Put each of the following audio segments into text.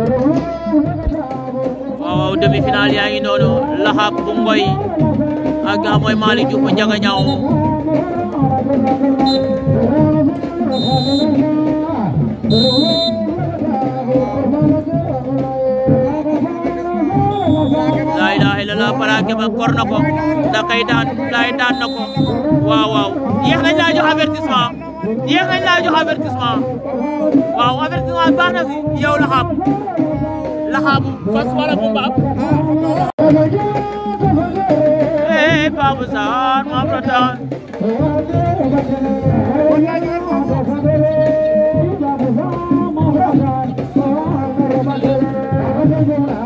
waaw waaw demi yaa ngi laxaab bu ngoy ak nga mooy Malick Diouf bu laa ilaaha ba kor na ko da daan lay daan na ko waaw waaw yéex nañ laa jox avertissement yéex nañ laa jox avertissement waaw avertissement fi yow laxaab laxaab fas wala bu mbaam eh Babou Sarr ma am na taan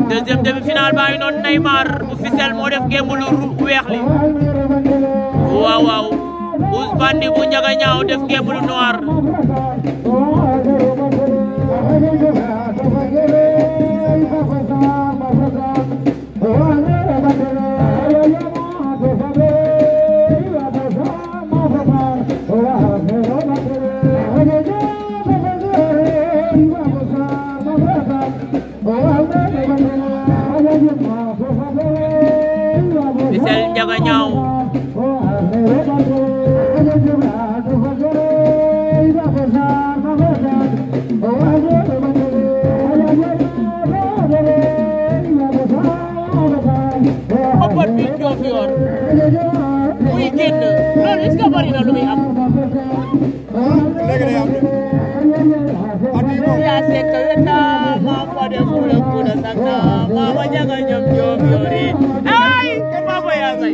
deuxième demi bu Fissel def gémb lu weex li door muy génn loolu est-ce que bari na lu muy am. léegi day am de. yaa sekk weta maa fa de fula kuda sanga maa ma jaga ñoom ñoom yoori ay maa ko yaa say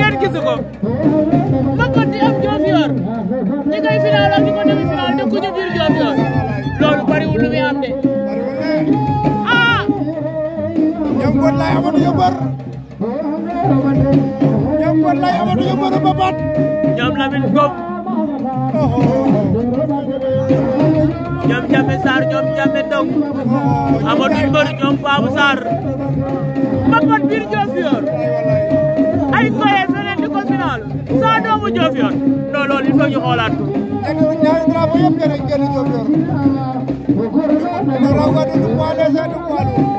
kenn gisu ko ma ko di am joof yor ñi koy final ak ñi ko demi final de ku ñu biir joof yor loolu bariwul lu muy am de ah ñoom kon lay amatu yu bari ñam war lay amatu ñu mën a babaat ñam Lamine Ngom ñam Jame Sarr ñoom Jame Ndong amatu mbër ñoom Babou Sarr biir Diofior ay koye feneen di ko final saa doomu Diofior non loolu il xoolaat ko ñaari drapeau yëpp gën a génn Diofior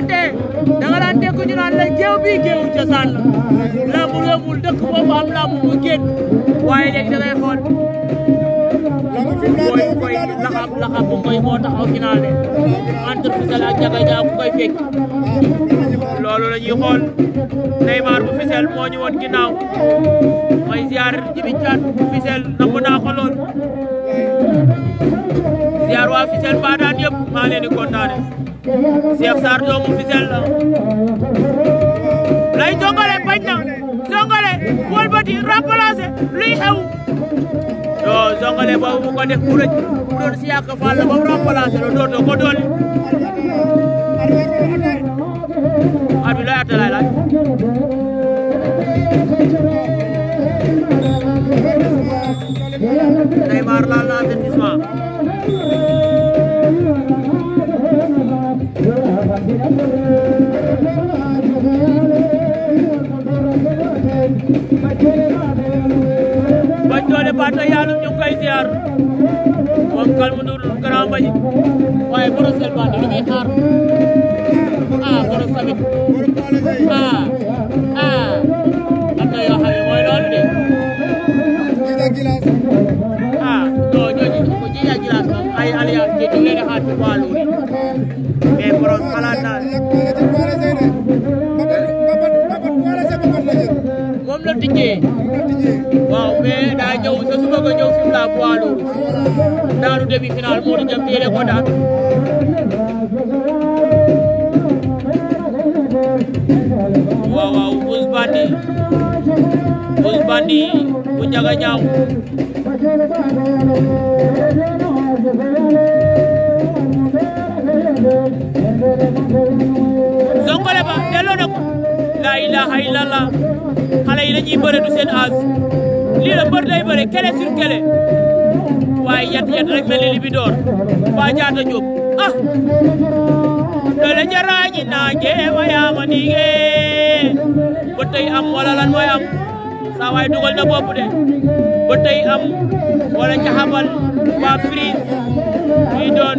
wante danga daan dégg ñu naan la géew bi géewu cosaan la lamb yombul dëkk boobu am lamb bu génn waaye léegi dangay xool mooy koy laxab laxab bu koy moo taxaw final de entre Fissel ak Ndiaga Dia ku koy fekk loolu la ñuy xool Neymar bu Fissel moo ñu woon ginnaaw mooy ziar Djibi Thiat bu naa ko lool waa Fissel mbaa daan yëpp maa leen di Cheikh Sarr doomu Fissel la lay Zongale bañ na Zongale wëlbati remplacé luy xew non Zongale boobu bu ko def mu rëcc mu doon si yàq Fall la ba mu remplacé la dootoo ko dolli. abi lay atta lay laaj. Neymar laal ba doole Pathé Yaloum ñu ngi koy ziar moom Calme Ndour grand bañ waaye boros Elmane lu muy xaar ah boros moom la tijjee waaw mais daa ñëw sa suba nga ñëw daanu demi-finale moo di jëm téere ko daan waaw waaw Bouz Bandi Bouz Bandi bu njaga ñaaw yi dañuy bëre du seen aas lii la mbër day bëre kele sur kele waaye yat yat rek mel door ba jaata jóob ah dole jaraañi naaje wayaama niige ba tey am wala mooy am saa waay dugal na bopp de ba tey am wala caxabal waa prise ñuy doon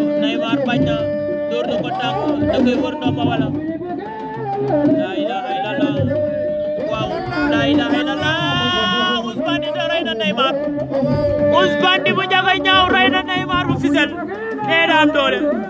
Jabar bañ na door na ko tànk da koy wër ndomba wala la ilaha illallah waaw la ilaha illallah Ousmane Dida rey na Neymar Ousmane Dida bu jagay ñaaw rey na Neymar bu Fissel nee na am doole